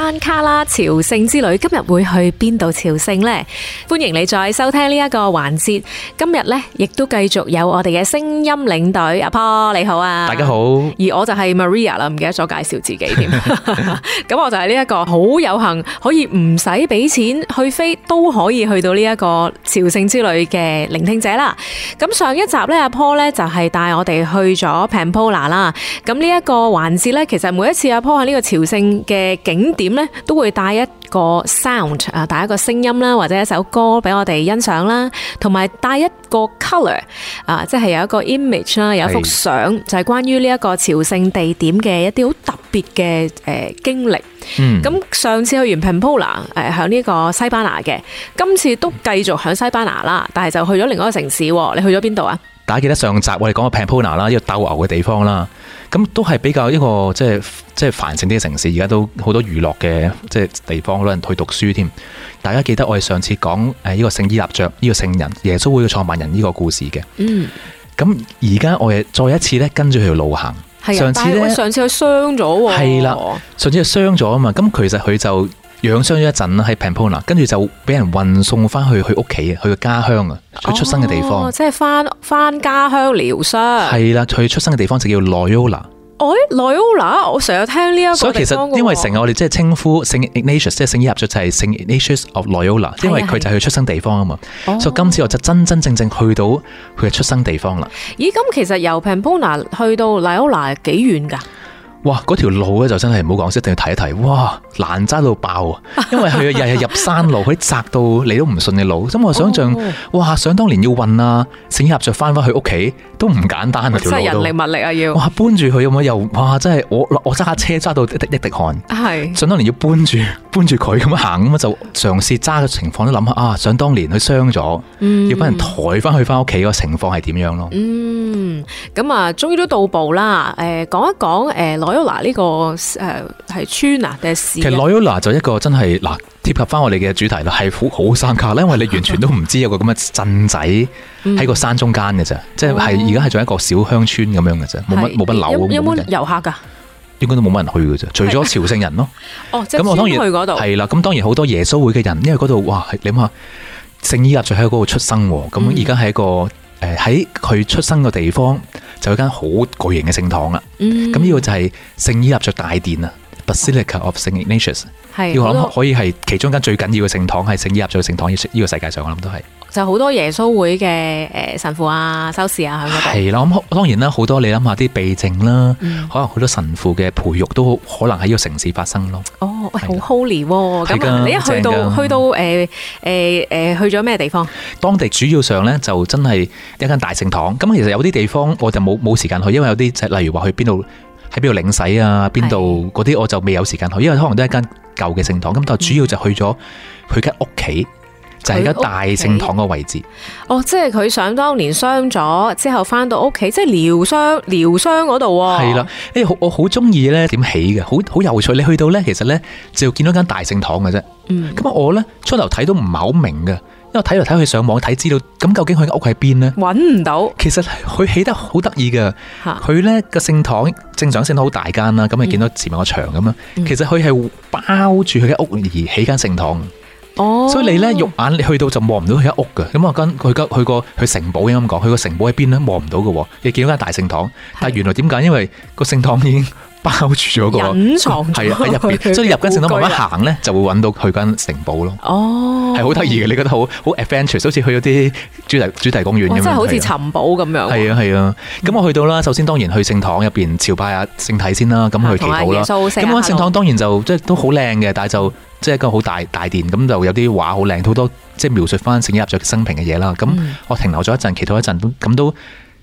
山旮旯朝聖之旅，今日會去邊度朝聖呢？歡迎你再收聽呢一個環節。今日呢亦都繼續有我哋嘅聲音領隊阿坡，你好啊，大家好。而我就係 Maria 啦，唔記得咗介紹自己添。咁我就係呢一個好有幸可以唔使俾錢去飛都可以去到呢一個朝聖之旅嘅聆聽者啦。咁上一集呢，阿坡呢就係帶我哋去咗 Pamplona 啦。咁呢一個環節呢，其實每一次阿坡喺呢個朝聖嘅景點。點咧都會帶一個 sound 啊，帶一個聲音啦，或者一首歌俾我哋欣賞啦，同埋帶一個 color 啊，即係有一個 image 啦，有一幅相是就係、是、關於呢一個朝聖地點嘅一啲好特別嘅誒經歷。咁、嗯、上次去完 Pamplona 誒，響呢個西班牙嘅，今次都繼續響西班牙啦，但係就去咗另一個城市。你去咗邊度啊？大家記得上集我哋講過 Pamplona，個 Pamplona 啦，一個鬥牛嘅地方啦。咁都係比較一個即係即係繁盛啲嘅城市，而家都好多娛樂嘅即係地方，好多人去讀書添。大家記得我哋上次講誒呢個聖依納爵呢個聖人耶穌會嘅創辦人呢個故事嘅。嗯，咁而家我哋再一次咧跟住佢條路行。係，上次咧，上次佢傷咗喎。係啦，上次佢傷咗啊嘛。咁其實佢就。養傷咗一陣啦，喺 Pampona，跟住就俾人運送翻去佢屋企，佢嘅家鄉啊，佢出生嘅地方。哦、即係翻翻家鄉療傷。係啦，佢出生嘅地方就叫 Loyola。哎，Loyola 我成日聽呢一個。所以其實，因為成日我哋即係稱呼聖 Ignatius，即係聖依納爵就係聖 Ignatius of Loyola，因為佢就係佢出生地方啊嘛、啊。所以今次我就真真正正去到佢嘅出生地方啦、哦。咦，咁其實由 Pampona 去到 Loyola 幾遠噶？哇！嗰條路咧就真係唔好講，一定要睇一睇。哇！難揸到爆啊，因為佢日日入山路，佢窄到你都唔信嘅路。咁我想象，哦、哇！想當年要運啊，成日着翻翻去屋企都唔簡單啊！即係人力物力啊要哇。哇！搬住佢咁啊又哇！真係我我揸車揸到一滴一滴汗。係。想當年要搬住搬住佢咁啊行咁就嘗試揸嘅情況都諗下啊！想當年佢傷咗，嗯、要俾人抬翻去翻屋企嗰個情況係點樣咯？咁、嗯、啊、嗯、終於都到步啦。誒，講一講誒。羅耀拉呢個誒係、呃、村啊定係市？其實羅耀拉就是一個真係嗱貼合翻我哋嘅主題啦，係好好山旮旯，因為你完全都唔知道有個咁嘅鎮仔喺 個山中間嘅啫，即係係而家係做一個小鄉村咁樣嘅啫，冇乜冇乜樓咁樣。有冇遊客噶？應該都冇乜人去噶啫，除咗朝聖人咯。啊、哦、咁、嗯、我當然去度係啦。咁當然好多耶穌會嘅人，因為嗰度哇，你諗下聖依納爵喺度出生，咁而家喺一個誒喺佢出生嘅地方，有間好巨型嘅聖堂啦，咁呢個就係聖依納爵大殿啊，Basilica of Saint Ignatius，是、這個、我諗可以係其中間最緊要嘅聖堂，堂，係聖依納爵聖堂呢個世界上我也是，我諗都係。就好多耶穌會嘅誒神父啊、修士啊喺嗰度。係啦，咁當然啦，好多你諗下啲避靜啦，可能好多神父嘅培育都可能喺呢個城市發生咯。哦，好 holy 咁，你一去到去到誒誒誒去咗咩地方？當地主要上咧，就真係一間大聖堂。咁其實有啲地方我就冇冇時間去，因為有啲就例如話去邊度喺邊度領洗啊，邊度嗰啲我就未有時間去，因為可能都係一間舊嘅聖堂。咁但係主要就去咗佢間屋企。就係而家大聖堂嘅位置的，哦，即係佢想當年傷咗之後翻到屋企，即係療傷療傷嗰度。係啦，誒，我好中意咧點起嘅，好好有趣。你去到咧，其實咧就見到一間大聖堂嘅啫。咁、嗯、啊，我咧初頭睇都唔係好明嘅，因為睇嚟睇去上網睇，看知道咁究竟佢嘅屋喺邊咧，搵唔到。其實佢起得好得意嘅，佢咧個聖堂正常性好大間啦，咁你見到前面個牆咁樣。其實佢係包住佢嘅屋而起間聖堂。Oh. 所以你咧肉眼你去到就望唔到佢一屋嘅，咁我跟佢去個去，去城堡啱啱講，去個城堡喺邊咧望唔到嘅，你見到間大聖堂，但係原來點解？因為個聖堂已經包住咗，那個，係啊喺入邊，所以入間聖堂慢慢行咧，就會搵到去間城堡咯。哦，係好得意嘅，你覺得好好 adventurous 好似去咗啲主題主題公園咁樣。係好似尋寶咁樣。係啊係啊，咁、嗯、我去到啦，首先當然去聖堂入邊朝拜下、啊、聖體先啦，咁去祈禱啦。咁啊聖堂當然就即係都好靚嘅，但係就。即係一個好大大殿，咁就有啲畫好靚，好多即係描述翻聖依納爵生平嘅嘢啦。咁我停留咗一陣，祈禱一陣，咁都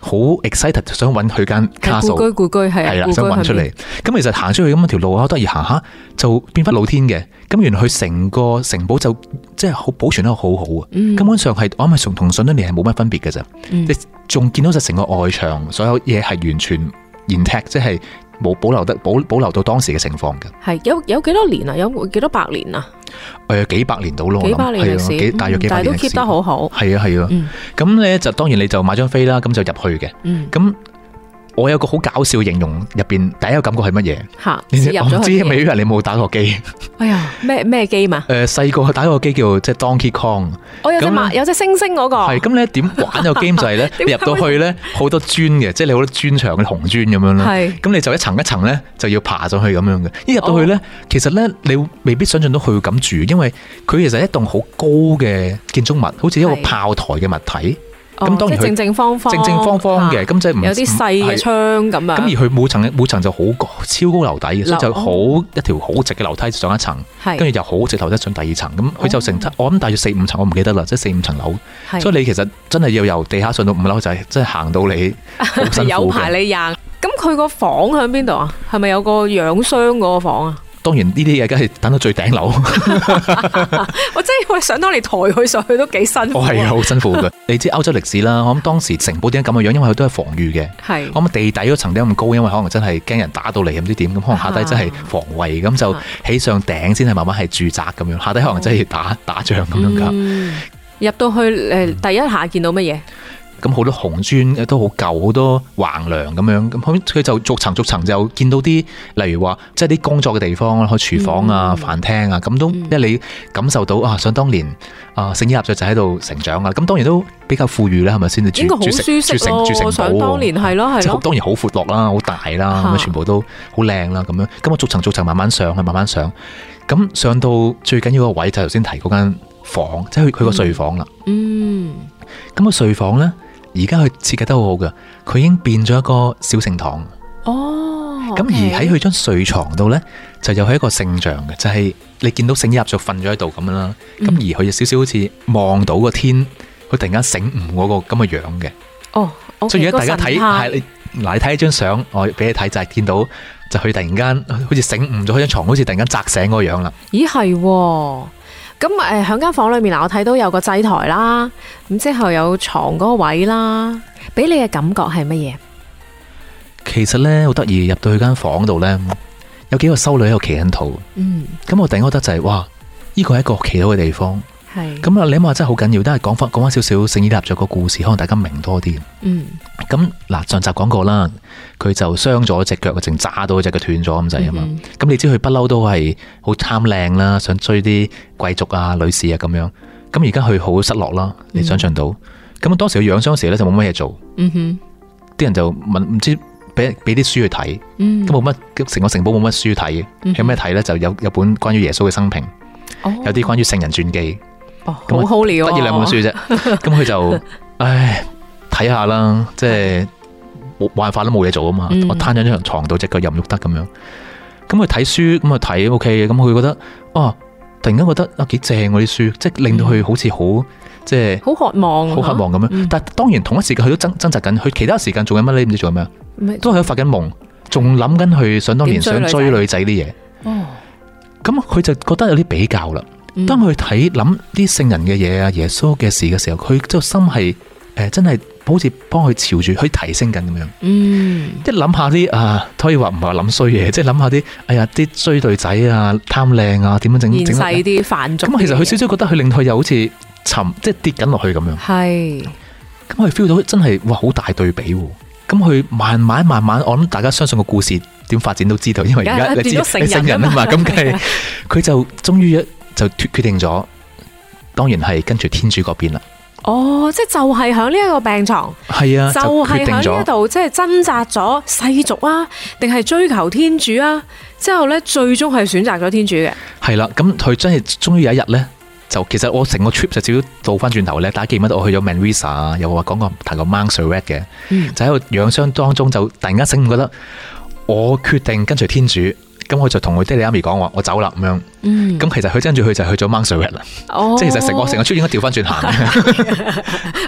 好 excited 就想搵佢間卡素居故居係啦，了想搵出嚟。咁其實行出去咁樣條路啊，都係行下就變翻露天嘅。咁原來佢成個城堡就即係好保存得好好啊、嗯。根本上係我咪從同上一年係冇乜分別嘅咋，即仲見到就成個外牆所有嘢係完全 intact，即係。冇保留得保保留到當時嘅情況嘅，係有有幾多年啊？有幾多百年啊？誒、嗯、幾百年到咯，幾百年歷史，大約幾百年、嗯，但係都 keep 得好好。係啊係啊，咁咧、嗯、就當然你就買張飛啦，咁就入去嘅，嗯，咁。我有個好搞笑嘅形容入邊，第一個感覺係乜嘢？嚇！你，我唔知，因為你冇打過機。 哎呀，咩咩機嘛？誒、啊、細、呃、個打過個機叫即係 Donkey Kong、哦。我有隻有隻星星嗰、那個。係咁，那你點玩 個 game 就係、是、咧？你入 到去咧，好多磚嘅，即係你好多磚牆嘅紅磚咁樣啦。咁，你就一層一層咧，就要爬上去咁樣嘅。一入到去咧、哦，其實咧，你未必想象到佢會咁住，因為佢其實是一棟好高嘅建築物，好似一個炮台嘅物體。咁當佢正正方方，正正方方嘅，咁即係有啲細窗咁啊。咁而佢每層每層就好高超高樓底樓，所以就好、哦、一條好直嘅樓梯上一層，跟住又好直樓梯上第二層。咁、哦、佢就成、哦、我諗大約四五層，我唔記得啦，即、就、係、是、四五層樓。所以你其實真係要由地下上,上到五樓就真即係行到你 有排你行。咁佢個房喺邊度啊？係咪有個養傷嗰個房啊？當然呢啲嘢，梗係等到最頂樓 我真係會想當你抬佢上去都幾辛苦。我係啊，好辛苦㗎。你知歐洲歷史啦，我諗當時城堡點解咁嘅樣？因為佢都係防禦嘅。係我諗地底嗰層點解咁高？因為可能真係驚人打到嚟，唔知點咁。可能下低真係防衛，咁、啊、就起上頂先係慢慢係住宅咁樣。下低可能真係打、哦、打仗咁樣噶、嗯。入到去誒，呃嗯、第一下見到乜嘢？咁好多紅磚都好舊，好多橫梁咁樣。咁佢就逐層逐層就見到啲，例如話即係啲工作嘅地方啦，去、嗯、廚房啊、嗯、飯廳啊，咁都即係你感受到、嗯、啊，想當年啊，聖依納爵就喺度成長啊。咁當然都比較富裕啦，係咪先住住住，住，住成城堡？想當年係咯，當然好闊落啦，好大啦，咁全部都好靚啦，咁樣。咁啊逐層逐層慢慢上去，慢慢上。咁上到最緊要個位就頭先提嗰間、嗯、房，即係佢佢個睡房啦。嗯。咁個睡房咧？而家佢設計得很好好㗎，佢已經變咗一個小聖堂。哦，咁而喺佢張睡床度咧，就又係一個聖像嘅，就係、是、你見到聖約就瞓咗喺度咁樣啦。咁、嗯、而佢有少少好似望到個天，佢突然間醒悟嗰個咁嘅樣嘅。哦、oh, okay，所以而家大家睇係，嗱、那個、你睇一張相，我俾你睇就係、是、見到，就佢突然間好似醒悟咗，佢張床好似突然間扎醒嗰個樣啦。咦係喎。咁誒，喺間房裏面嗱，我睇到有個祭台啦，咁之後有床嗰個位啦，俾你嘅感覺係乜嘢？其實咧好得意，入到去間房度咧，有幾個修女喺度祈緊禱。嗯，咁我突然覺得就係、是，哇，呢個係一個祈禱嘅地方。係，咁啊，你話真係好緊要，都係講翻講翻少少聖依納爵個故事，可能大家明多啲。嗯。咁嗱，上集講過啦，佢就傷咗隻腳，淨炸到隻腳斷咗咁滯啊嘛。咁、嗯、你知佢不嬲都係好貪靚啦，想追啲貴族啊、女士啊咁樣。咁而家佢好失落啦，你想象到。咁、嗯、當時佢養傷時咧就冇乜嘢做。嗯，啲人就問，唔知俾俾啲書去睇。咁冇乜，成個城堡冇乜書睇嘅、嗯。有咩睇咧？就有有本關於耶穌嘅生平，哦、有啲關於聖人傳記。哦，好好了，得依兩本書啫。咁、哦、佢就， 唉。睇下啦，即係冇玩法都冇嘢做啊嘛！嗯、我攤咗張床度，隻腳又唔喐得咁樣。咁佢睇書咁啊睇，O K 嘅。咁佢、OK, 覺得，哦、啊，突然間覺得啊，幾正我啲書，即係令到佢好似好，即係好渴望，好渴望咁樣、啊。但係當然同一時間佢都爭掙扎緊，佢其他時間做緊乜你唔知做緊咩都係喺發緊夢，仲諗緊佢想當年想追女仔啲嘢。哦，咁佢就覺得有啲比較啦。當佢睇諗啲聖人嘅嘢啊，耶穌嘅事嘅時候，佢就心係。誒，真係好似幫佢朝住去提升緊咁樣。嗯，一諗下啲啊，可以話唔係話諗衰嘢，即係諗下啲哎呀啲衰對仔啊，貪靚啊，樣點樣整？細啲反足。咁其實佢少少覺得佢令佢又好似沉，即係跌緊落去咁樣。係。咁佢 feel 到真係哇，好大對比喎。咁佢慢慢慢慢，我諗大家相信個故事點發展都知道，因為而家你知成，你聖人啊嘛。咁梗係，佢就終於就決定咗，當然係跟住天主嗰邊啦。哦，即係就係喺呢一個病床，係啊，就決定咗喺呢度，即係掙扎咗世俗啊，定係追求天主啊，之後咧最終係選擇咗天主嘅。係啦，咁佢真係終於有一日咧，就其實我成個 trip 就少少倒翻轉頭咧，大家記唔記得我去咗 Manresa，又話講過提過 Montserrat 嘅，就喺度養傷當中就突然間醒悟覺得我決定跟隨天主。咁我就同我爹哋媽咪講話，我走啦咁樣。咁、嗯、其實佢跟住佢就去咗 Montserrat 啦。即係其實成我成個出應該調翻轉行。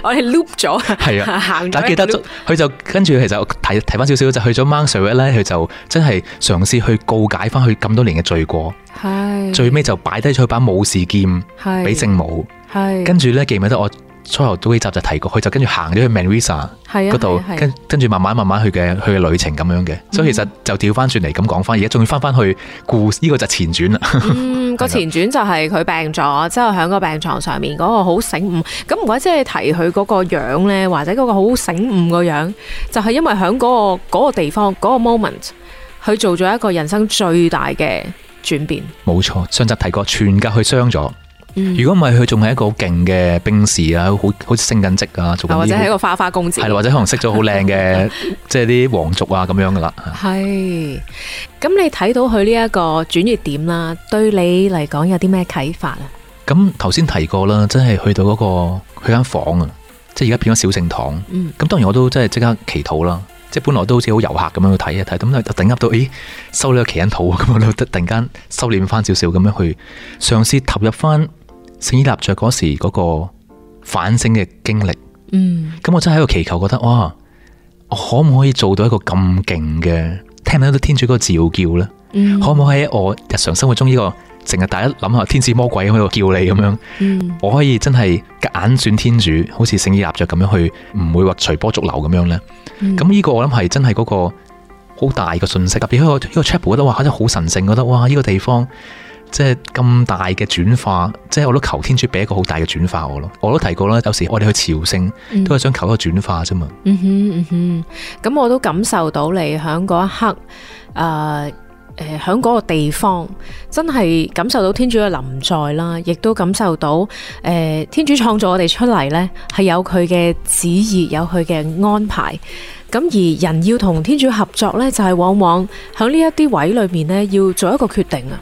我哋係 loop 咗。係啊。但記得佢就，就跟住其實我睇翻少少就去咗 Montserrat 咧，佢就真係嘗試去告解翻佢咁多年嘅罪過。係。最尾就擺低咗佢把武士劍姓姓，係俾聖母。係。跟住咧，記唔記得我？初頭都幾集就提過，佢就跟住行咗去 Manresa 度，跟跟住慢慢慢慢去嘅去嘅旅程咁樣嘅、嗯，所以其實就調翻轉嚟咁講翻，而家仲要翻翻去故呢、這個就前傳啦。嗯，個前傳就係佢病咗，之後喺個病床上面嗰、那個好醒悟。咁唔怪之係提佢嗰個樣咧，或者嗰個好醒悟個樣子，就係、是、因為喺嗰、那個、那個地方嗰、那個 moment，佢做咗一個人生最大嘅轉變。冇錯，上集提過，全架去傷咗。如果唔係，佢仲係一個好勁嘅兵士啊，好好似升緊職啊，做嗰啲，或者係一個花花公子，係或者可能識咗好靚嘅，即係啲皇族啊咁樣噶啦。係，咁你睇到佢呢一個轉折點啦，對你嚟講有啲咩啟發啊？咁頭先提過啦，真係去到嗰、嗰個佢間房啊，即係而家變咗小聖堂。嗯，咁當然我都真係即刻祈禱啦，即係本來都好似好遊客咁樣去睇一睇，咁突然間到咦，收咗個祈恩土，咁我突然間收斂翻少少，咁樣去嘗試投入翻。聖依納爵嗰時嗰個反省嘅經歷，嗯，咁我真係喺度祈求，覺得哇，我可唔可以做到一個咁勁嘅，聽到到天主嗰個召叫咧、嗯，可唔可以喺我日常生活中呢、這個，成日大家諗下天使魔鬼喺度叫你咁樣、嗯，我可以真係眼轉天主，好似聖依納爵咁樣去，唔會話隨波逐流咁樣咧，咁、嗯、呢個我諗係真係嗰個好大嘅信息，特別喺個呢個 chapel，覺得哇真係好神聖，覺得哇呢、這個地方。即係咁大嘅轉化，即係我都求天主俾一個好大嘅轉化我咯。我都提過啦，有時我哋去朝聖都係想求一個轉化啫嘛、嗯。嗯哼嗯哼，咁我都感受到你喺嗰一刻，誒、呃、誒，喺嗰個地方真係感受到天主嘅臨在啦，亦都感受到誒、呃、天主創造我哋出嚟呢，係有佢嘅旨意，有佢嘅安排。咁而人要同天主合作呢，就係、是、往往喺呢一啲位裏面呢，要做一個決定啊。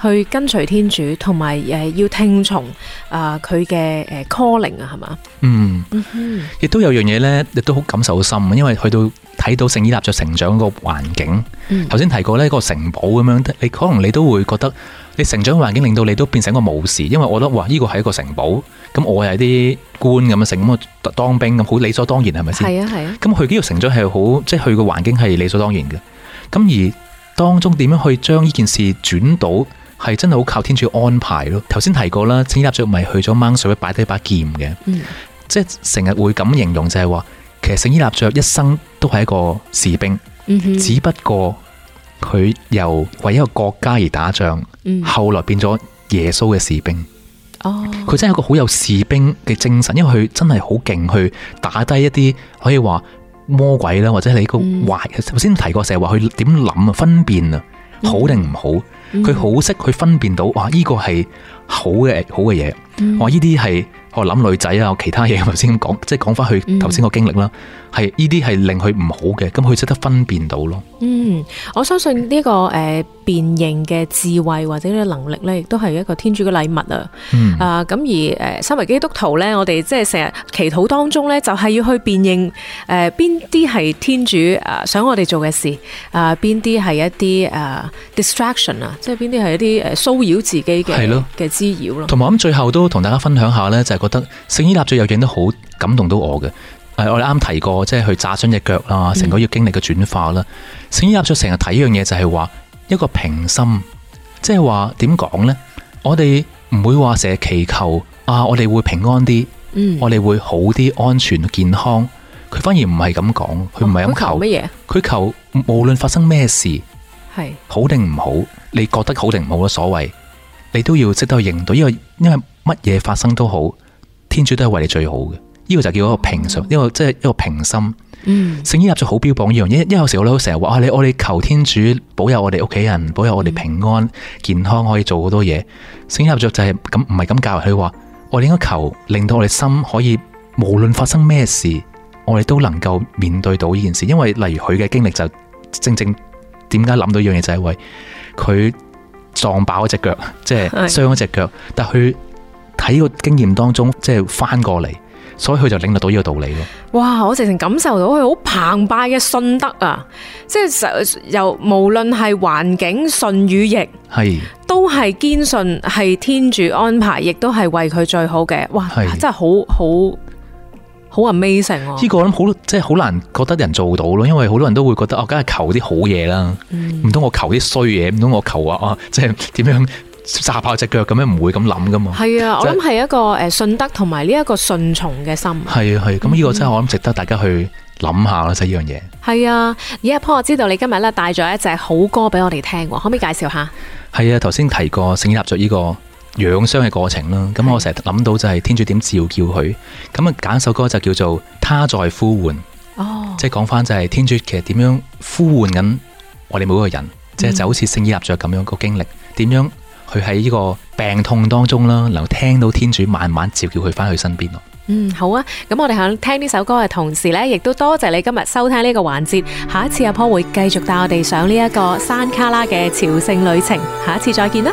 去跟隨天主，同埋誒要聽從啊佢嘅誒 calling 啊，係嘛？嗯，亦、嗯、都有樣嘢咧，亦都好感受深，因為去到睇到聖依納爵成長個環境，頭、嗯、先提過呢、那個城堡咁樣，你可能你都會覺得你成長環境令到你都變成一個武士，因為我覺得哇，呢個係一個城堡，咁我係啲官咁樣成咁啊當兵咁好理所當然係咪先？係啊係啊。咁佢呢個成長係好，即係去個環境係理所當然嘅。咁而當中點樣去將呢件事轉到？係真係好靠天主安排咯。頭先提過啦，聖依納爵咪去咗掹水擺低一把劍嘅，嗯，即係成日會咁形容就係話，其實聖依納爵一生都係一個士兵，嗯，只不過佢由為一個國家而打仗，嗯，後來變咗耶穌嘅士兵。哦，佢真係一個好有士兵嘅精神，因為佢真係好勁去打低一啲可以話魔鬼啦，或者係一個壞。頭，嗯、先提過成日話佢點諗啊，分辨啊。好定唔好？佢好識去分辨到，哇！呢個係好嘅好嘅嘢，哇、嗯！呢啲係我諗女仔啊，我其他嘢頭先咁講，即係講翻佢頭先個經歷啦，係呢啲係令佢唔好嘅，咁佢識得分辨到咯。嗯，我相信呢個誒。呃辨認嘅智慧或者呢能力咧，亦都係一個天主嘅禮物啊。啊，咁而誒，身為基督徒咧，我哋即係成日祈禱當中咧，就係要去辨認誒邊啲係天主想我哋做嘅事啊，邊啲係一啲誒 distraction 啊，即係邊啲係一啲誒騷擾自己嘅係咯嘅滋擾咯。同埋咁，最後都同大家分享下咧，就係、是、覺得聖依納爵有影得好感動到我嘅。誒，我哋啱提過即係去炸傷隻腳啦，成個要經歷嘅轉化啦。聖依納爵成日睇一樣嘢就係、是、話。一個平心，即係話點講呢？我哋唔會話成日祈求啊，我哋會平安啲、嗯，我哋會好啲、安全、健康。佢反而唔係咁講，佢唔係咁求乜嘢。佢、哦、求，求無論發生咩事，係好定唔好，你覺得好定唔好都所謂，你都要識得去應對。因為因為乜嘢發生都好，天主都係為你最好嘅。呢、這個就叫一個平常，呢、嗯、個即係一個平心。聖、嗯、依納爵好標榜一樣，因因為有時候我都成日話，你、啊、我哋求天主保佑我哋屋企人，保佑我哋平安、嗯、健康，可以做好多嘢。聖依納爵就係咁，唔係咁教佢話，我哋應該求，令到我哋心可以無論發生咩事，我哋都能夠面對到呢件事。因為例如佢嘅經歷就正正點解諗到呢樣嘢就係、是，為佢撞爆一隻腳，即係傷一隻腳，但佢喺個經驗當中，即、就、係、是、翻過嚟。所以佢就領略到呢個道理咯。哇！我直情感受到佢好澎湃嘅信德啊，即係由無論係環境順與逆，係都係堅信係天主安排，亦都係為佢最好嘅。哇！真係好好好 amazing！呢個我諗即係好難，覺得人做到咯，因為好多人都會覺得我梗係求啲好嘢啦，唔、嗯、通我求啲衰嘢？唔通我求啊？哦，即係點樣？炸炮隻腳咁樣，唔會咁諗噶嘛？係啊，我諗係一個誒，信德同埋呢一個順從嘅心係、就是、啊，係咁呢個真係我諗值得大家去諗下啦。即係呢樣嘢係啊，而阿坡我知道你今日咧帶咗一隻好歌俾我哋聽，可唔可以介紹下？係啊，頭先提過聖依納爵呢個養傷嘅過程啦。咁、啊、我成日諗到就係天主點召叫佢咁啊，揀首歌就叫做《他在呼喚》哦，即係講翻就係天主其實點樣呼喚緊我哋每個人，即、嗯、係就是、好似聖依納爵咁樣個經歷點樣。佢喺呢個病痛當中啦，能夠聽到天主慢慢召叫佢翻去身邊咯。嗯，好啊，咁我哋響聽呢首歌嘅同時呢，亦都多謝你今日收聽呢個環節。下一次阿婆會繼續帶我哋上呢一個山卡拉嘅朝聖旅程。下一次再見啦。